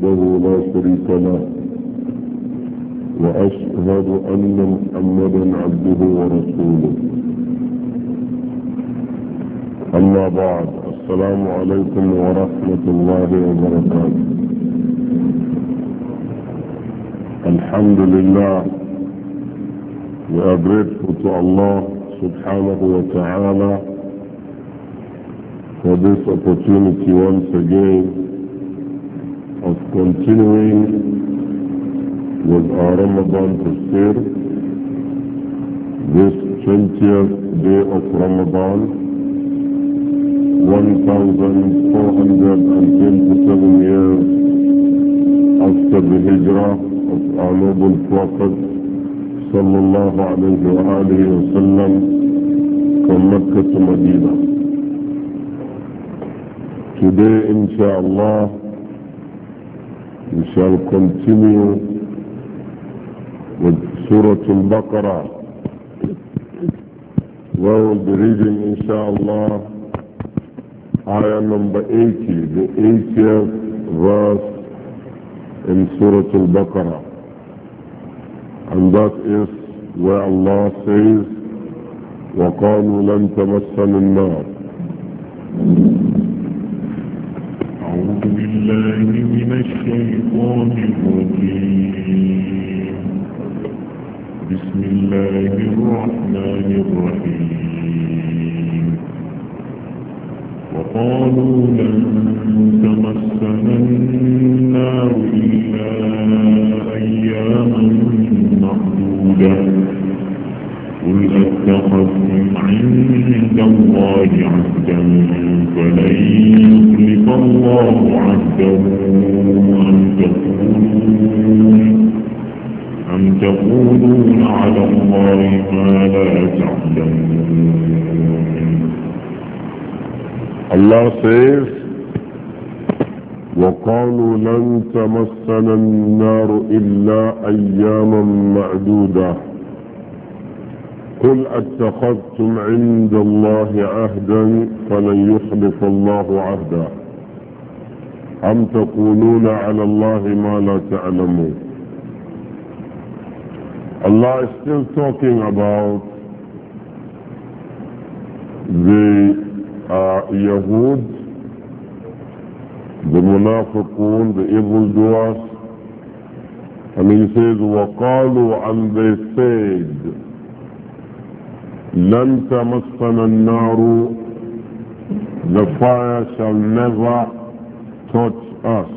وحده لا شريك له وأشهد أن محمدا عبده ورسوله أما بعد السلام عليكم ورحمة الله وبركاته الحمد لله We are الله سبحانه وتعالى for this opportunity once again Continuing with our Ramadan Tafsir, this 20th day of Ramadan, 1427 years after the Hijrah of our noble Prophet sallallahu alayhi wa sallam from Mecca to Medina. Today, inshallah, shall continue with Surah Al-Baqarah we'll be reading inshallah ayah number 80 the 80th verse in Surah Al-Baqarah and that is where Allah says وقالوا لن تمسنا النار الله الرحمن الرحيم وقالوا لن تمسنا النار إلا أياما معدودة قل أتخذتم عند الله عهدا فلن يخلف الله عهده أن تقولون أم تقولون على الله ما لا تعلمون الله سيف وقالوا لن تمسنا النار إلا أياما معدودة قل اتخذتم عند الله عهدا فلن يخلف الله عهدا أم تقولون على الله ما لا تعلمون Allah is still talking about the uh, Yahud, the Munafiqun, the evildoers. And he says, وَقَالُوا And they said, لَن تَمَسَّنَا النَّارُ the fire shall never touch us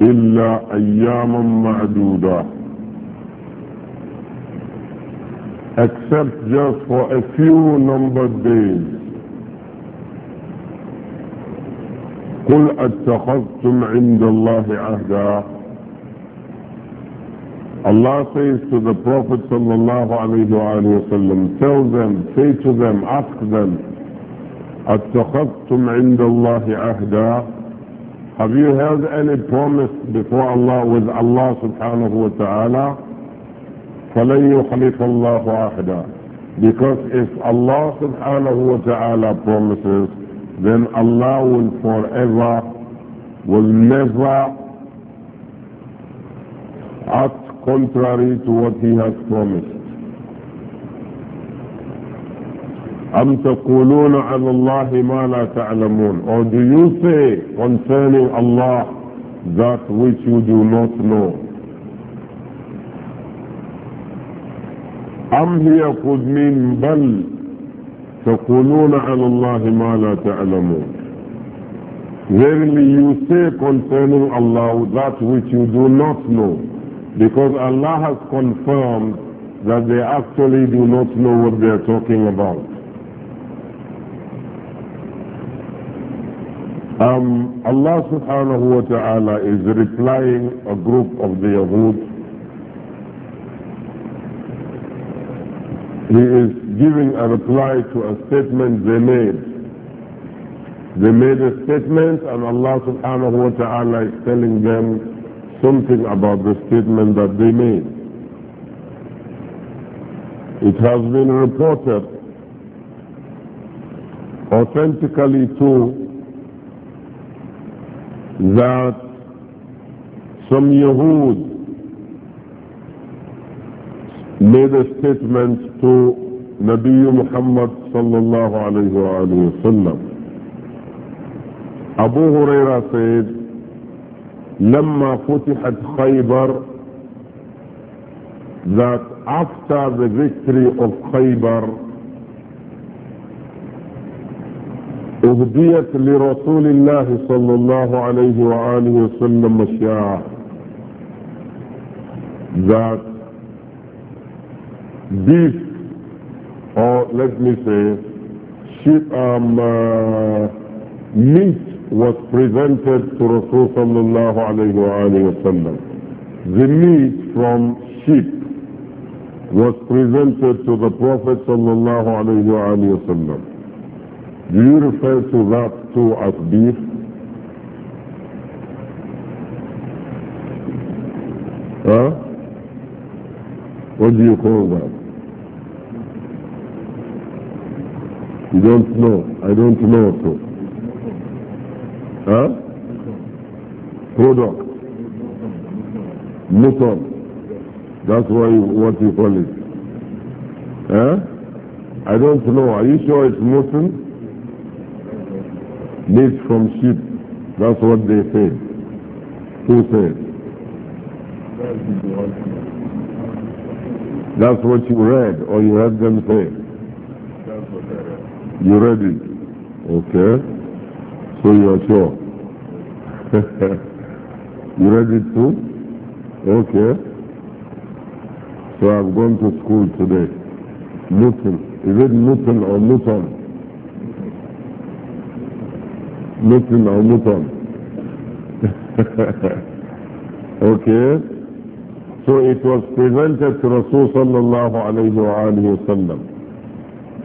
إلا أياما معدودة except just for a few numbered days قل اتخذتم عند الله عهدا Allah says to the Prophet sallallahu alayhi wa tell them, say to them, ask them, اتخذتم عند الله عهدا Have you held any promise before Allah with Allah subhanahu wa ta'ala? فَلَنْ يُخْلِفَ اللَّهُ عَهْدًا Because if Allah subhanahu wa ta'ala promises, then Allah will forever, will never act contrary to what He has promised. أم تقولون على الله ما لا تعلمون Or do you say concerning Allah that which you do not know? أم هي قد من بل تقولون على الله ما لا تعلمون Verily you say concerning Allah that which you do not know because Allah has confirmed that they actually do not know what they are talking about. Um, Allah subhanahu wa ta'ala is replying a group of the Yahud He is giving a reply to a statement they made. They made a statement and Allah subhanahu wa ta'ala is telling them something about the statement that they made. It has been reported authentically too that some Yahud made a statement to Nabi Muhammad sallallahu alayhi wa sallam. Abu Huraira said, لما فتحت خيبر that after the victory of خيبر اهديت لرسول الله صلى الله عليه وآله وسلم الشاعة that beef, or let me say, sheep, um, uh, meat was presented to Rasulullah sallallahu alayhi wa The meat from sheep was presented to the Prophet sallallahu alayhi wa Do you refer to that too as beef? Huh? What do you call that? You don't know. I don't know. So. Huh? Product. Motor. That's why what you call it. Huh? I don't know. Are you sure it's Muslim? Made from sheep. That's what they say. Who said? That's what you read or you heard them say. You ready? Okay. So you are sure? you ready too? Okay. So I've gone to school today. Newton. Is it Newton or Newton? Newton or Newton? okay. So it was presented to Rasul sallallahu alayhi wa alihi wa sallam.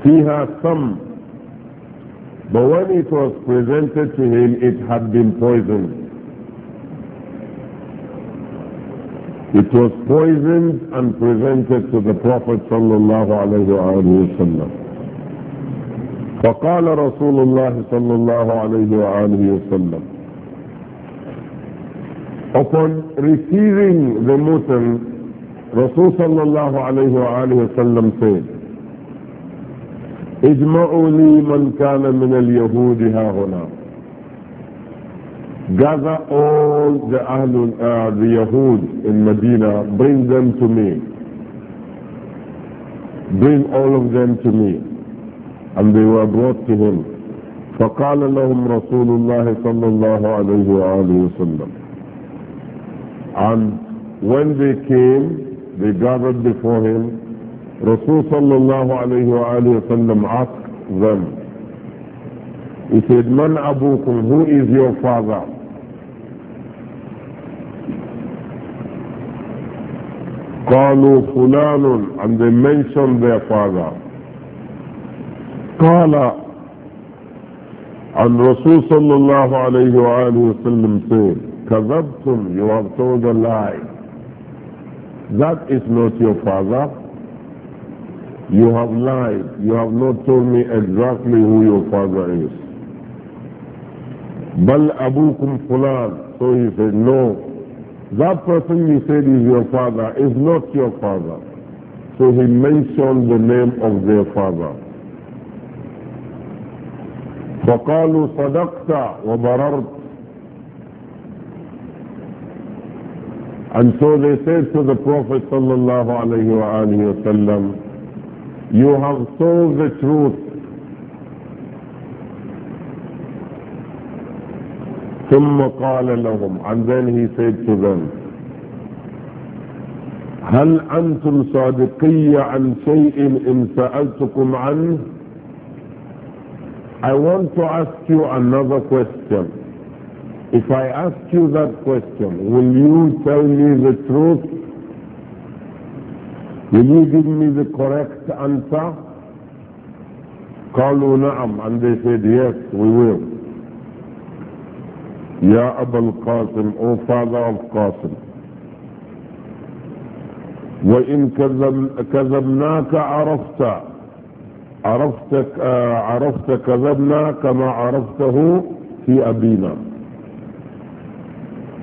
فيها some but when it was presented to him, it had been poisoned. It was poisoned and presented to the Prophet sallallahu الله عليه فقال رسول الله صلى الله عليه وآله وسلم Upon receiving the mutan, Rasul صلى الله عليه وآله وسلم said, اجمعوا لي من كان من اليهود ها هنا gather all the Ahlul, uh, the Yahud in Medina, bring them to me. Bring all of them to me. And they were brought to him. فقال لهم رسول الله صلى الله عليه وآله وسلم And when they came, they gathered before him Rasulullah sallallahu alayhi wa alayhi wa asked them, he said, Man abukum, who is your father? قالوا فلان and they mentioned their father قال and Rasul sallallahu alayhi wa alayhi wa said كذبتم you have told a lie that is not your father you have lied. You have not told me exactly who your father is. Bal abukum fulan. So he said, no. That person you said is your father is not your father. So he mentioned the name of their father. فقالوا صدقت وبررت And so they said to the Prophet sallallahu alayhi wa you have told the truth. and then he said to them هل أنتم صادقي عن شيء إن سألتكم عنه I want to ask you another question If I ask you that question, will you tell me the truth? Will you give me the correct answer? قالوا نعم and they said yes we will يا أبا القاسم O father of Qasim وإن كذبناك عرفت عرفت عرفت كذبنا كما عرفته في أبينا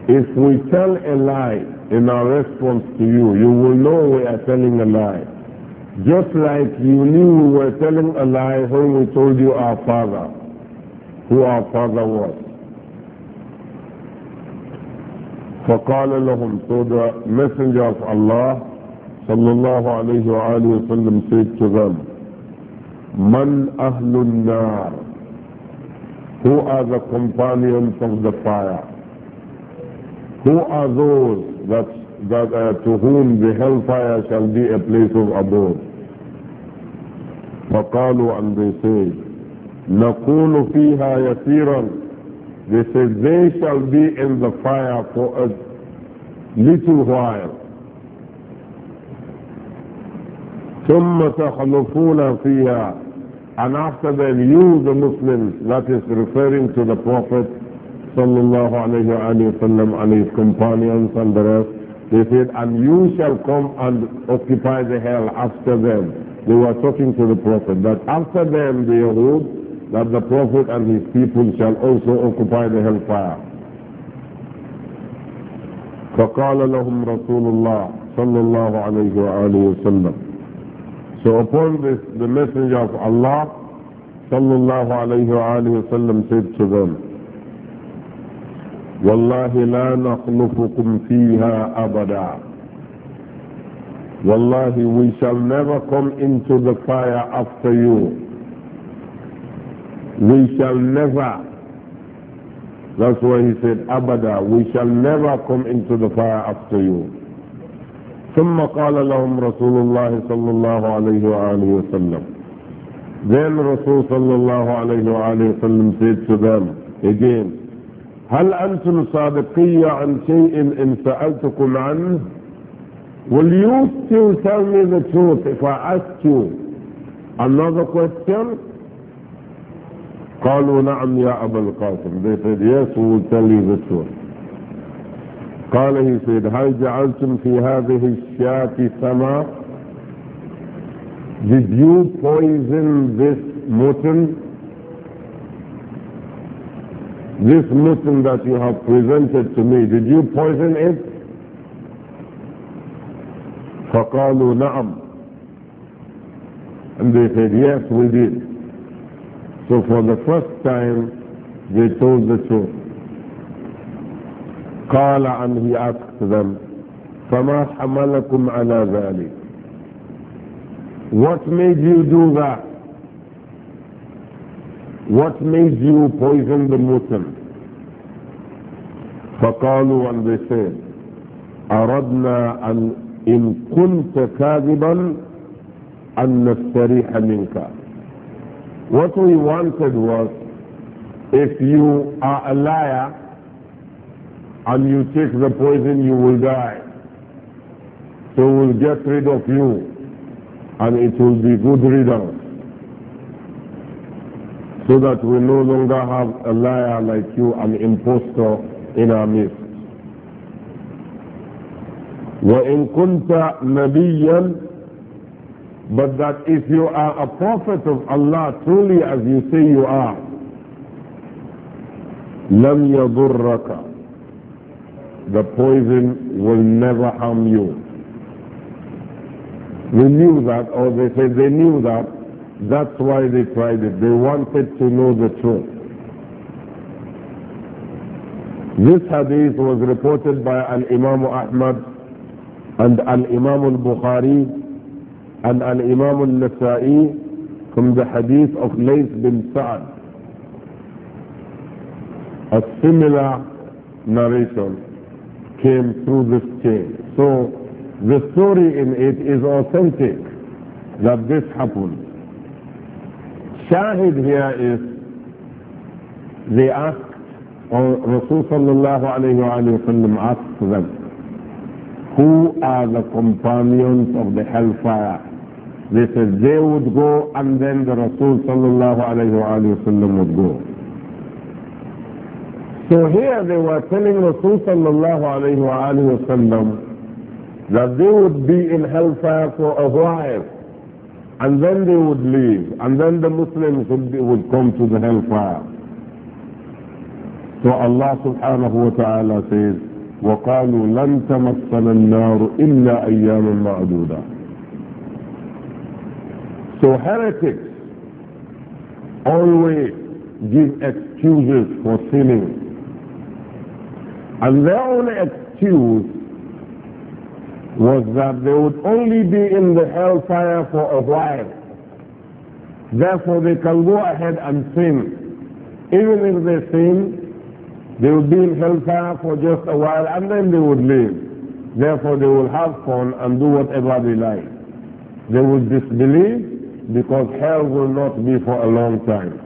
If we tell a lie in our response to you, you will know we are telling a lie. Just like you knew we were telling a lie when we told you our father, who our father was. فقال لهم so the messenger of Allah صلى الله عليه وآله وسلم said to them من أهل النار who are the companions of the fire who are those that, that uh, to whom the hellfire shall be a place of abode. فقالوا and they say نقول فيها يسيرا they say they shall be in the fire for a little while ثم تخلفون فيها and after them you the Muslims that is referring to the Prophet sallallahu alayhi wa sallam and his companions and the rest, they said, and you shall come and occupy the hell after them. They were talking to the Prophet that after them, the Yahud, that the Prophet and his people shall also occupy the hellfire. فقال لهم رسول الله صلى الله عليه وآله وسلم So upon this, the Messenger of Allah صلى الله عليه وآله وسلم said to them, والله لا نخلفكم فيها أبدا Wallahi, we shall never come into the fire after you. We shall never, that's why he said, Abada, we shall never come into the fire after you. ثم قال لهم رسول الله صلى الله عليه وآله وسلم Then Rasul صلى الله عليه وآله وسلم said to them again, هل أنتم صادقية عن شيء إن سألتكم عنه will you still tell me the truth if I ask you another question قالوا نعم يا أبا القاسم they said yes we will tell you the truth قال he said هل جعلتم في هذه الشاة سما did you poison this mutton This mutton that you have presented to me, did you poison it? فقالوا نعم and they said yes we did so for the first time they told the truth قال and he asked them فما حملكم على ذلك what made you do that what makes you poison the Muslim? فقالوا and they said أردنا أن إن كنت كاذبا أن نستريح منك What we wanted was if you are a liar and you take the poison you will die so we'll get rid of you and it will be good riddance so that we no longer have a liar like you, an impostor in our midst. وَإِن كُنْتَ نَبِيًّا But that if you are a prophet of Allah, truly as you say you are, لَمْ يَضُرَّكَ The poison will never harm you. We knew that, or they said they knew that, that's why they tried it. They wanted to know the truth. This hadith was reported by Al-Imam Ahmad and Al-Imam Al-Bukhari and Al-Imam Al-Nasa'i from the hadith of Layth bin Sa'ad. A similar narration came through this chain. So the story in it is authentic that this happened. Shahid here is they asked, or Rasul sallallahu alayhi wa sallam asked them, who are the companions of the hellfire? They said they would go and then the Rasul sallallahu alayhi wa sallam would go. So here they were telling Rasul sallallahu alayhi wa sallam that they would be in hellfire for a while. And then they would leave. And then the Muslims would, be, would come to the hellfire. So Allah subhanahu wa ta'ala says, وقالوا لن تمسنا النار إلا أَيَامٍ معدودة So heretics always give excuses for sinning. And their only excuse was that they would only be in the hellfire for a while. Therefore, they can go ahead and sin. Even if they sin, they would be in hellfire for just a while and then they would leave. Therefore, they will have fun and do whatever they like. They will disbelieve because hell will not be for a long time.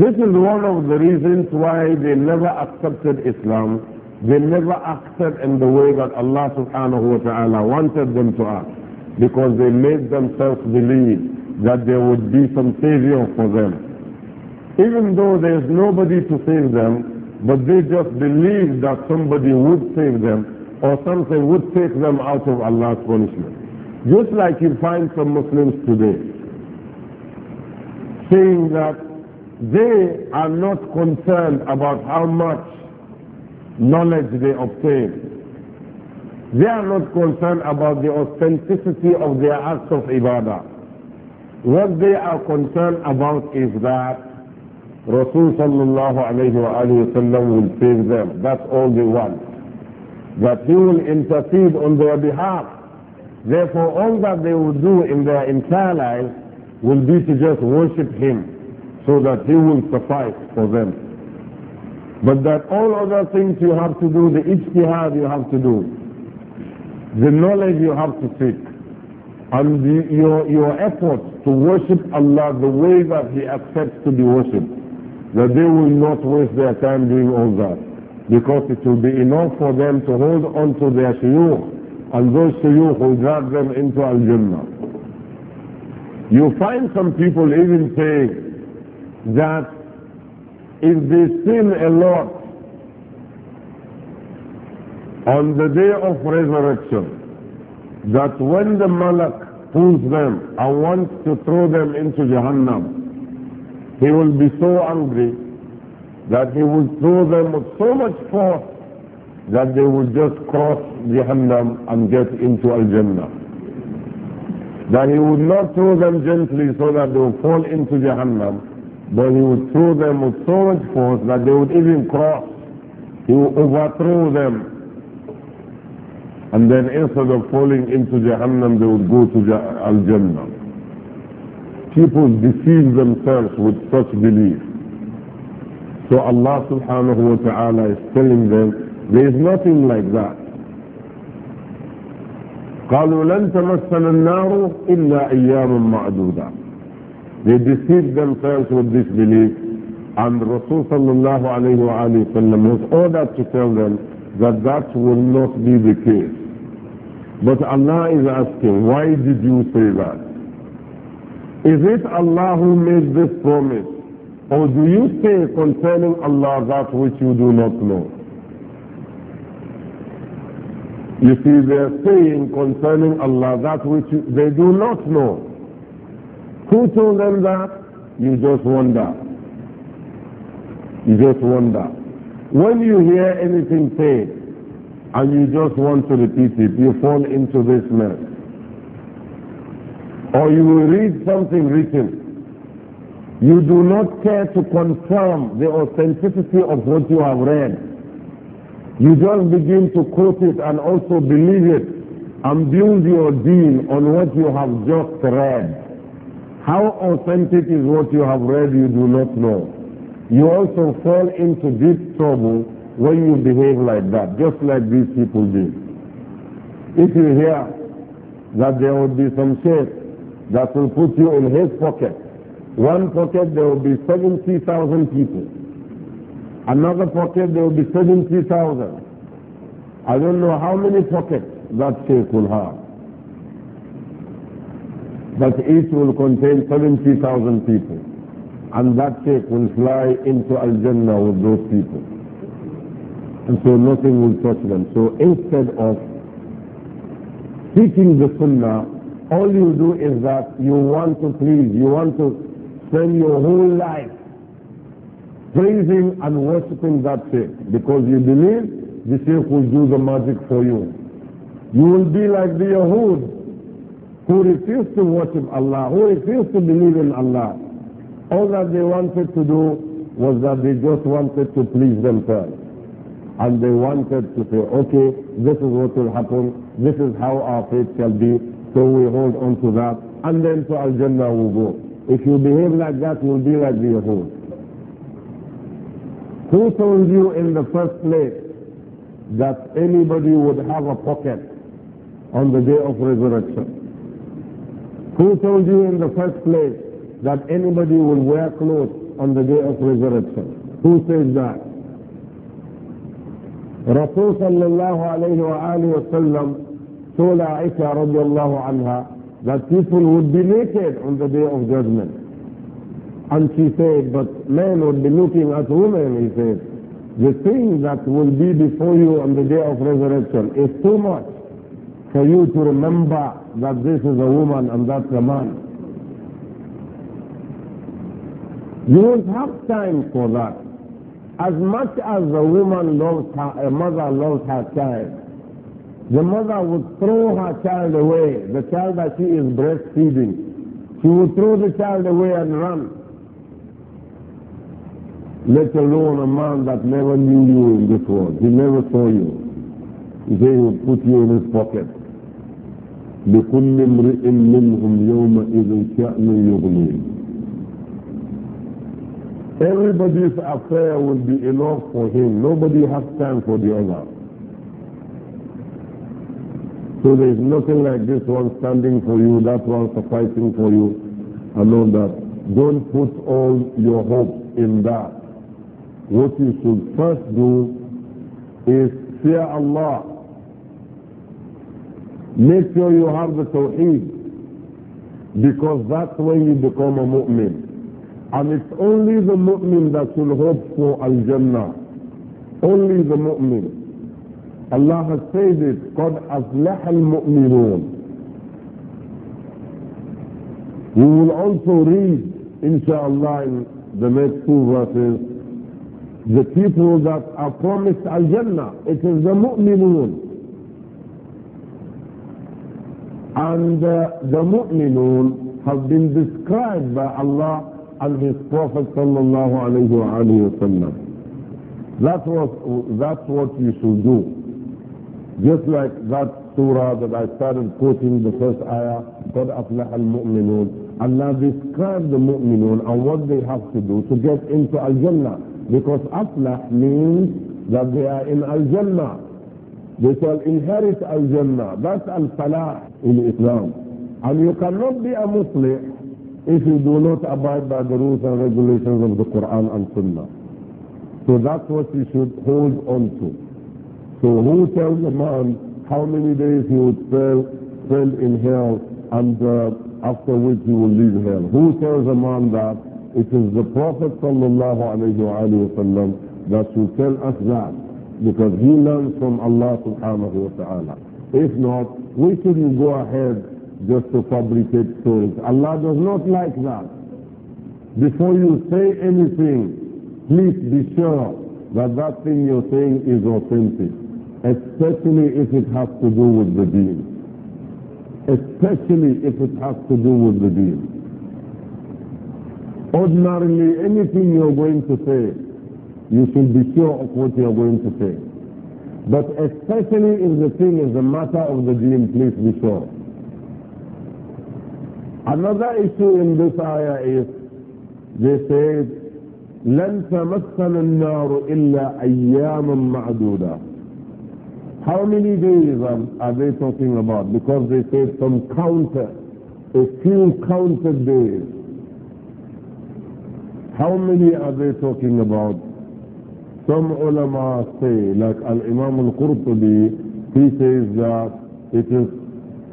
This is one of the reasons why they never accepted Islam they never acted in the way that Allah subhanahu wa ta'ala wanted them to act because they made themselves believe that there would be some savior for them. Even though there's nobody to save them, but they just believe that somebody would save them or something would take them out of Allah's punishment. Just like you find some Muslims today saying that they are not concerned about how much knowledge they obtain. They are not concerned about the authenticity of their acts of ibadah. What they are concerned about is that Rasul sallallahu alayhi wa will save them. That's all they want. That he will intercede on their behalf. Therefore, all that they will do in their entire life will be to just worship him so that he will suffice for them. But that all other things you have to do, the ijtihad you have to do, the knowledge you have to seek, and the, your, your efforts to worship Allah the way that He accepts to be worshipped, that they will not waste their time doing all that, because it will be enough for them to hold on to their shuyukh, and those shuyukh will drag them into Al-Jannah. You find some people even saying that if they sin a lot on the day of resurrection, that when the malak pulls them and wants to throw them into Jahannam, he will be so angry that he will throw them with so much force that they will just cross Jahannam and get into Al-Jannah. That he would not throw them gently so that they will fall into Jahannam, but he would throw them with so much force that they would even cross. He would overthrow them. And then instead of falling into Jahannam, they would go to Al-Jannah. People deceive themselves with such belief. So Allah subhanahu wa ta'ala is telling them, there is nothing like that. قالوا لن تمسنا النار إلا أياما معدودة they deceived themselves with this belief and Rasul sallallahu alayhi wa was ordered to tell them that that will not be the case. But Allah is asking, why did you say that? Is it Allah who made this promise? Or do you say concerning Allah that which you do not know? You see, they are saying concerning Allah that which they do not know. Who told them that? You just wonder. You just wonder. When you hear anything said and you just want to repeat it, you fall into this mess. Or you will read something written. You do not care to confirm the authenticity of what you have read. You just begin to quote it and also believe it and build your deen on what you have just read. How authentic is what you have read you do not know. You also fall into deep trouble when you behave like that, just like these people did. If you hear that there will be some shape that will put you in his pocket, one pocket there will be 70,000 people. Another pocket there will be 70,000. I don't know how many pockets that shape will have. But it will contain 70,000 people. And that ship will fly into Al-Jannah with those people. And so nothing will touch them. So instead of teaching the sunnah, all you do is that you want to please, you want to spend your whole life praising and worshipping that ship because you believe the ship will do the magic for you. You will be like the Yahud who refused to worship Allah, who refused to believe in Allah. All that they wanted to do was that they just wanted to please themselves. And they wanted to say, okay, this is what will happen, this is how our faith shall be, so we hold on to that, and then to Al-Jannah we we'll go. If you behave like that, you'll be like the Yahud. Who told you in the first place that anybody would have a pocket on the day of resurrection? Who told you in the first place that anybody will wear clothes on the day of resurrection? Who says that? Rasul sallallahu alayhi wa alayhi wa sallam told Aisha radiallahu anha that people would be naked on the day of judgment. And she said, but men would be looking at women, he said. The thing that will be before you on the day of resurrection is too much for you to remember that this is a woman and that's a man. You won't have time for that. As much as a woman loves her, a mother loves her child, the mother would throw her child away, the child that she is breastfeeding. She would throw the child away and run. Let alone a man that never knew you in this world. He never saw you. They would put you in his pocket. لكل امرئ منهم يومئذ شأن يغنيه Everybody's affair will be enough for him. Nobody has time for the other. So there is nothing like this one standing for you, that one sufficing for you, and all that. Don't put all your hope in that. What you should first do is fear Allah Make sure you have the tawheed because that's when you become a mu'min. And it's only the mu'min that will hope for al-jannah. Only the mu'min. Allah has said it, قَدْ أَفْلَحَ الْمُؤْمِنُونَ We will also read, inshallah, in the next two verses, the people that are promised Al-Jannah. It is the mu'minun. And uh, the mu'minun have been described by Allah and His Prophet sallallahu alayhi wa That was, that's what you should do. Just like that surah that I started quoting, the first ayah, قَدْ أَفْلَحَ الْمُؤْمِنُونَ Allah described the mu'minun and what they have to do to get into Al-Jannah. Because aflah means that they are in Al-Jannah. They shall inherit Al-Jannah. That's Al-Falah in Islam. And you cannot be a Muslim if you do not abide by the rules and regulations of the Quran and Sunnah. So that's what you should hold on to. So who tells a man how many days he would spend, spend in hell and uh, after which he will leave hell? Who tells a man that? It is the Prophet sallallahu alayhi wa that should tell us that because he learns from Allah subhanahu wa ta'ala. If not, we shouldn't go ahead just to fabricate stories. Allah does not like that. Before you say anything, please be sure that that thing you're saying is authentic, especially if it has to do with the deen. Especially if it has to do with the deen. Ordinarily, anything you're going to say, you should be sure of what you're going to say. But especially if the thing is a matter of the deen, please be sure. Another issue in this ayah is, they say, لن تمسنا النار إلا أياما معدودة. How many days are they talking about? Because they say some counter, a few counted days. How many are they talking about? Some ulama say, like Al-Imam Al-Qurtubi, he says that it is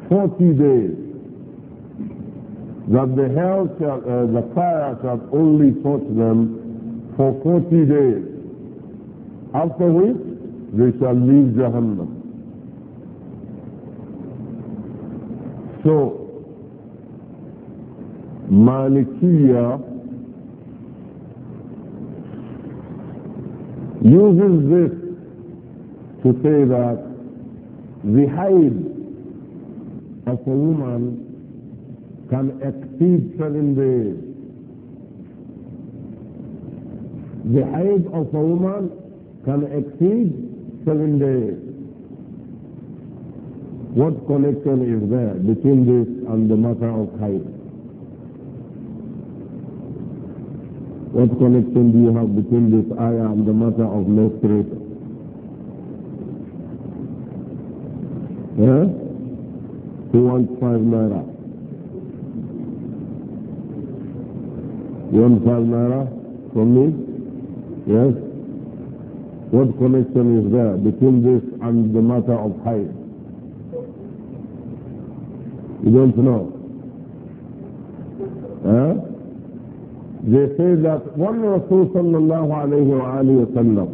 40 days that the hell shall, uh, the fire shall only touch them for 40 days, after which they shall leave Jahannam. So, Malikiya uses this to say that the height of a woman can exceed seven days. The height of a woman can exceed seven days. What connection is there between this and the matter of height? What connection do you have between this ayah and the matter of menstruation? Yeah? Who wants five naira? You want five naira from me? Yes? What connection is there between this and the matter of height? You don't know? Huh? They say that one Rasul sallallahu alayhi wa alayhi wa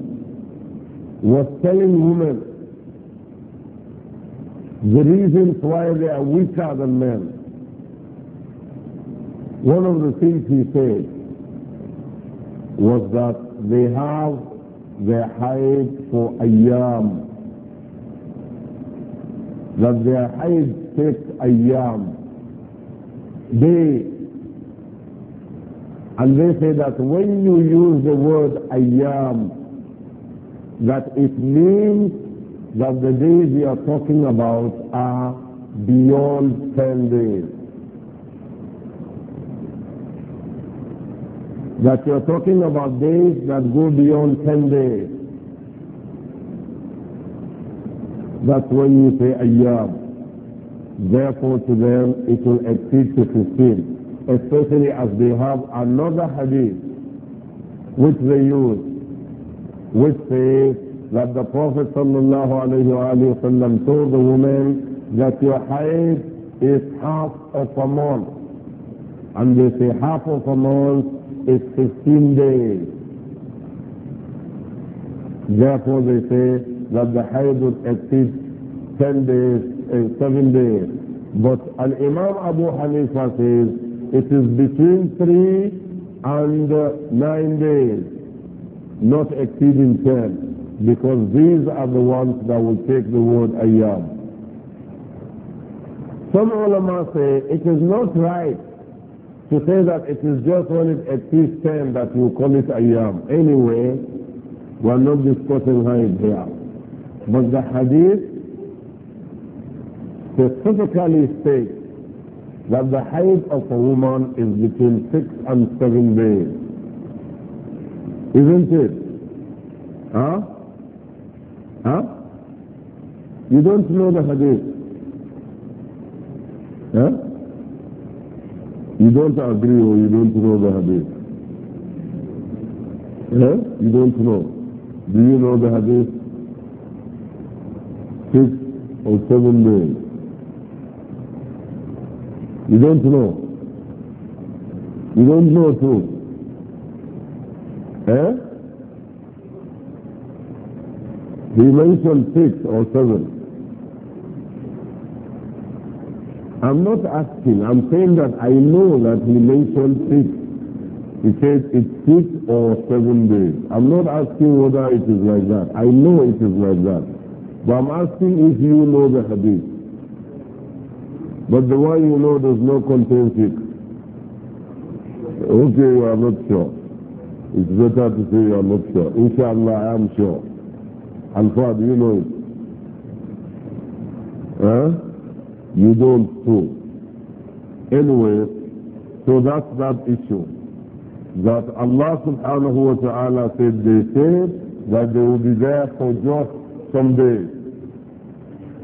was telling women the reasons why they are weaker than men, one of the things he said was that they have their hide for ayam. that their hide takes ayyam, day and they say that when you use the word ayyam, that it means that the days we are talking about are beyond 10 days. That you are talking about days that go beyond 10 days. That's when you say ayyam. Therefore to them it will exceed to 15 especially as they have another hadith which they use, which says that the Prophet ﷺ told the woman that your haid is half of a month. And they say half of a month is 15 days. Therefore they say that the haid would exceed 10 days, and eh, 7 days. But Al-Imam Abu Hanifa says it is between three and nine days, not exceeding ten, because these are the ones that will take the word ayyam. Some ulama say it is not right to say that it is just when it exceeds ten that you call it ayyam. Anyway, we are not discussing Haid here. But the hadith specifically states that the height of a woman is between six and seven days. Isn't it? Huh? Huh? You don't know the hadith. Huh? You don't agree or you don't know the hadith. Huh? You don't know. Do you know the hadith? Six or seven days. You don't know. You don't know too. Eh? He mentioned six or seven. I'm not asking, I'm saying that I know that he mentioned six. He says it's six or seven days. I'm not asking whether it is like that. I know it is like that. But I'm asking if you know the hadith. But the one you know does not contain fiqh. Okay, you are not sure. It's better to say you are not sure. Inshallah, I am sure. And father, you know it? Huh? You don't too. Anyway, so that's that issue. That Allah subhanahu wa ta'ala said they said that they will be there for just some days.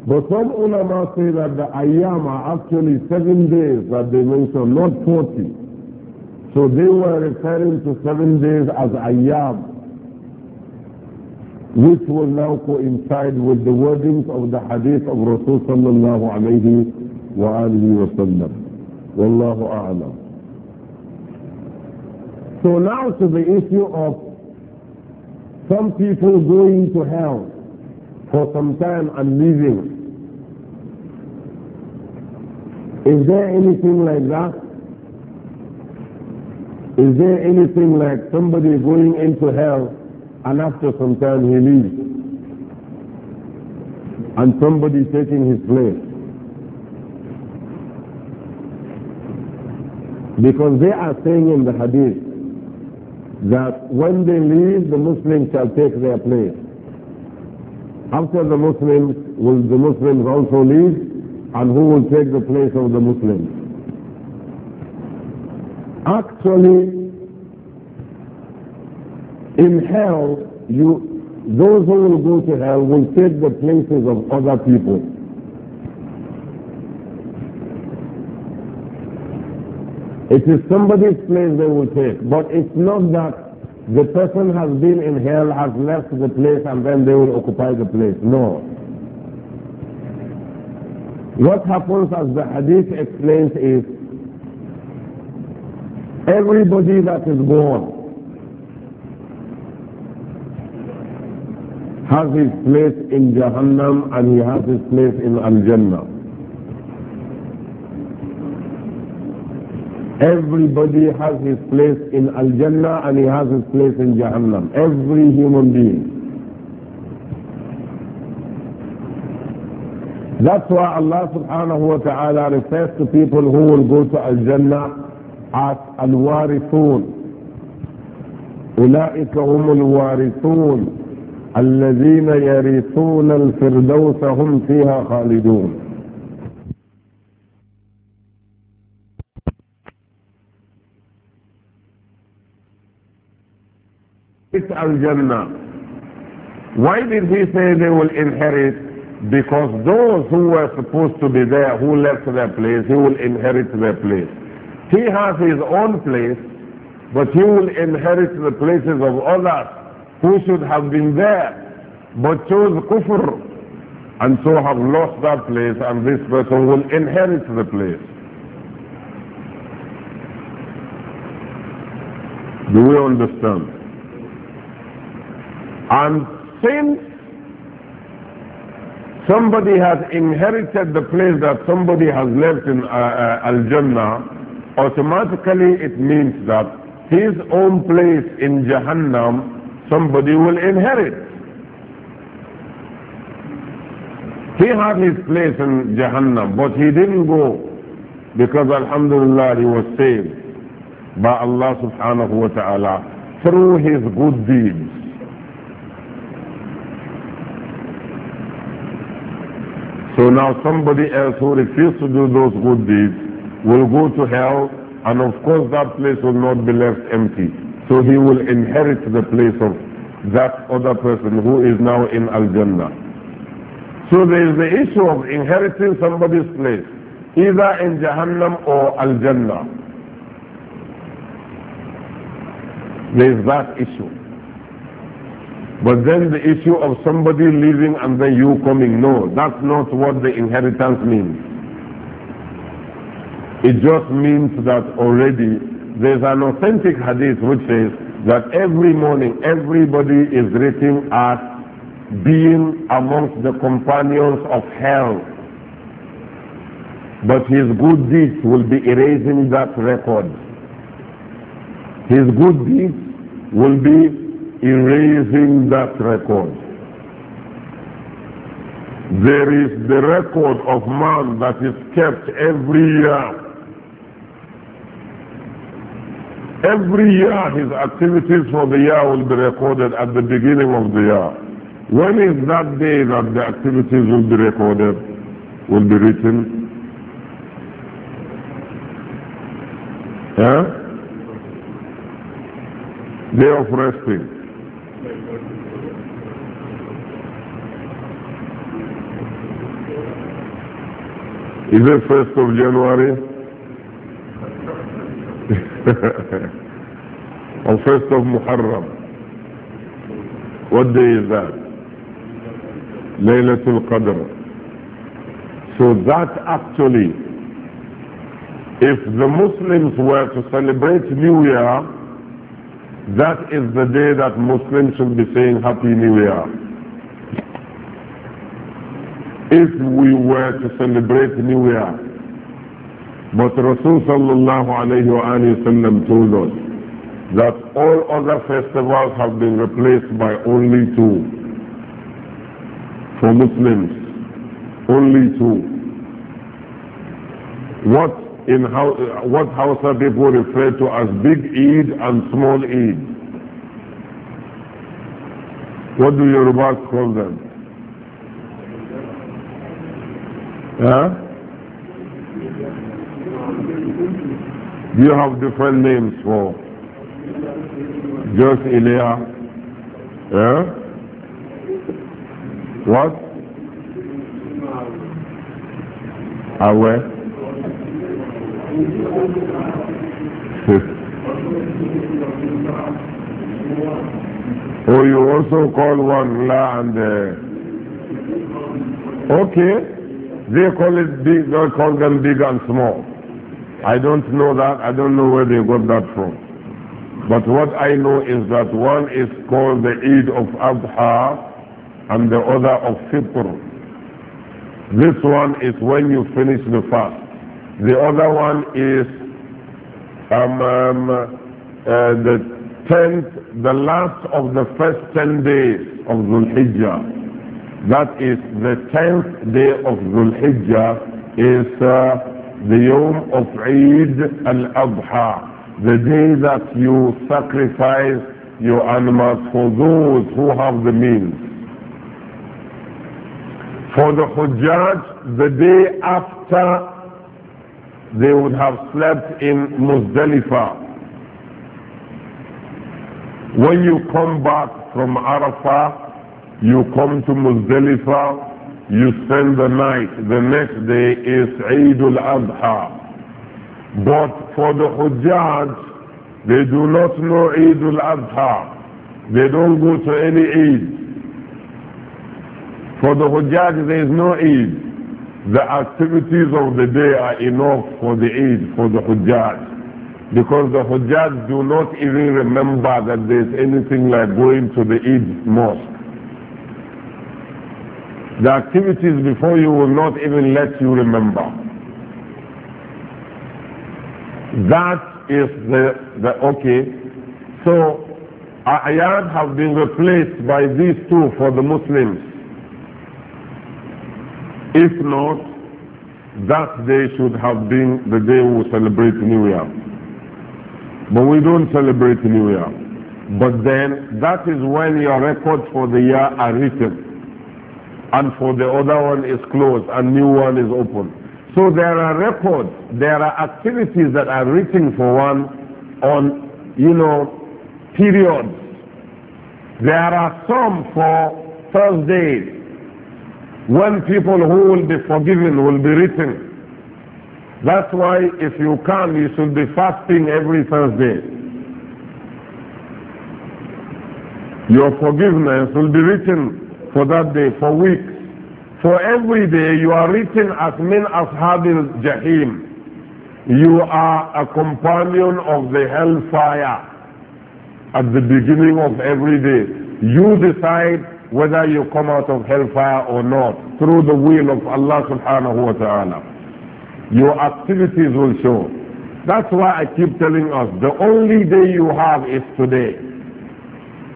But some ulama say that the ayam are actually seven days that they mention, not 40. So they were referring to seven days as ayam, which will now coincide with the wordings of the hadith of Rasul sallallahu alayhi wa alihi wa sallam. Wallahu a'lam. So now to the issue of some people going to hell for some time and leaving Is there anything like that? Is there anything like somebody going into hell and after some time he leaves and somebody taking his place? Because they are saying in the hadith that when they leave, the Muslims shall take their place. After the Muslims, will the Muslims also leave? and who will take the place of the Muslims. Actually, in hell, you, those who will go to hell will take the places of other people. It is somebody's place they will take, but it's not that the person has been in hell, has left the place, and then they will occupy the place. No. What happens as the hadith explains is everybody that is born has his place in Jahannam and he has his place in Al-Jannah. Everybody has his place in Al-Jannah and he has his place in Jahannam. Every human being. That's why Allah subhanahu wa ta'ala refers to people who will go to Al-Jannah as Al-Warithun. أولئك هم الوارثون الذين يرثون الفردوس هم فيها خالدون al الجنة Why did he say they will inherit Because those who were supposed to be there, who left their place, he will inherit their place. He has his own place, but he will inherit the places of others who should have been there, but chose kufr, and so have lost that place, and this person will inherit the place. Do we understand? And since Somebody has inherited the place that somebody has left in uh, uh, Al-Jannah, automatically it means that his own place in Jahannam, somebody will inherit. He had his place in Jahannam, but he didn't go because Alhamdulillah he was saved by Allah subhanahu wa ta'ala through his good deeds. So now somebody else who refuses to do those good deeds will go to hell, and of course that place will not be left empty. So he will inherit the place of that other person who is now in Al Jannah. So there is the issue of inheriting somebody's place, either in Jahannam or Al Jannah. There is that issue. But then the issue of somebody leaving and then you coming, no, that's not what the inheritance means. It just means that already there's an authentic hadith which says that every morning everybody is written as being amongst the companions of hell. But his good deeds will be erasing that record. His good deeds will be erasing that record. There is the record of man that is kept every year. Every year his activities for the year will be recorded at the beginning of the year. When is that day that the activities will be recorded, will be written? Yeah? Day of resting. Is it 1st of January? or 1st of Muharram? What day is that? Laylatul Qadr. So that actually, if the Muslims were to celebrate New Year, that is the day that Muslims should be saying Happy New Year if we were to celebrate New Year. But Rasul sallallahu alayhi wa told us that all other festivals have been replaced by only two. For Muslims, only two. What in how, what Hausa people refer to as big Eid and small Eid. What do Yorubas call them? you have different names for just Elia. Yeah. What? Awe? oh, you also call one La and... Uh, okay. They call it big, they call them big and small. I don't know that. I don't know where they got that from. But what I know is that one is called the Eid of Adha and the other of Fitr. This one is when you finish the fast. The other one is um, um, uh, the tenth, the last of the first ten days of Dhul Hijjah. That is the 10th day of Dhul Hijjah is uh, the Yom of Eid al-Adha, the day that you sacrifice your animals for those who have the means. For the Hujjaj, the day after they would have slept in Muzdalifah. When you come back from Arafah, you come to Muzdalifa, you spend the night. The next day is Eid al-Adha. But for the Hujjaj, they do not know Eid al-Adha. They don't go to any Eid. For the Hujjaj, there is no Eid. The activities of the day are enough for the Eid, for the Hujjaj because the Hujjaj do not even remember that there is anything like going to the Eid mosque. The activities before you will not even let you remember. That is the, the okay. So ayat have been replaced by these two for the Muslims. If not, that day should have been the day we celebrate New Year. But we don't celebrate New Year. But then, that is when your records for the year are written and for the other one is closed and new one is open. So there are records, there are activities that are written for one on, you know, periods. There are some for Thursday when people who will be forgiven will be written. That's why if you can, you should be fasting every Thursday. Your forgiveness will be written for that day, for weeks. For every day you are written as min ashabil jahim. You are a companion of the hellfire at the beginning of every day. You decide whether you come out of hellfire or not through the will of Allah subhanahu wa ta'ala. Your activities will show. That's why I keep telling us the only day you have is today.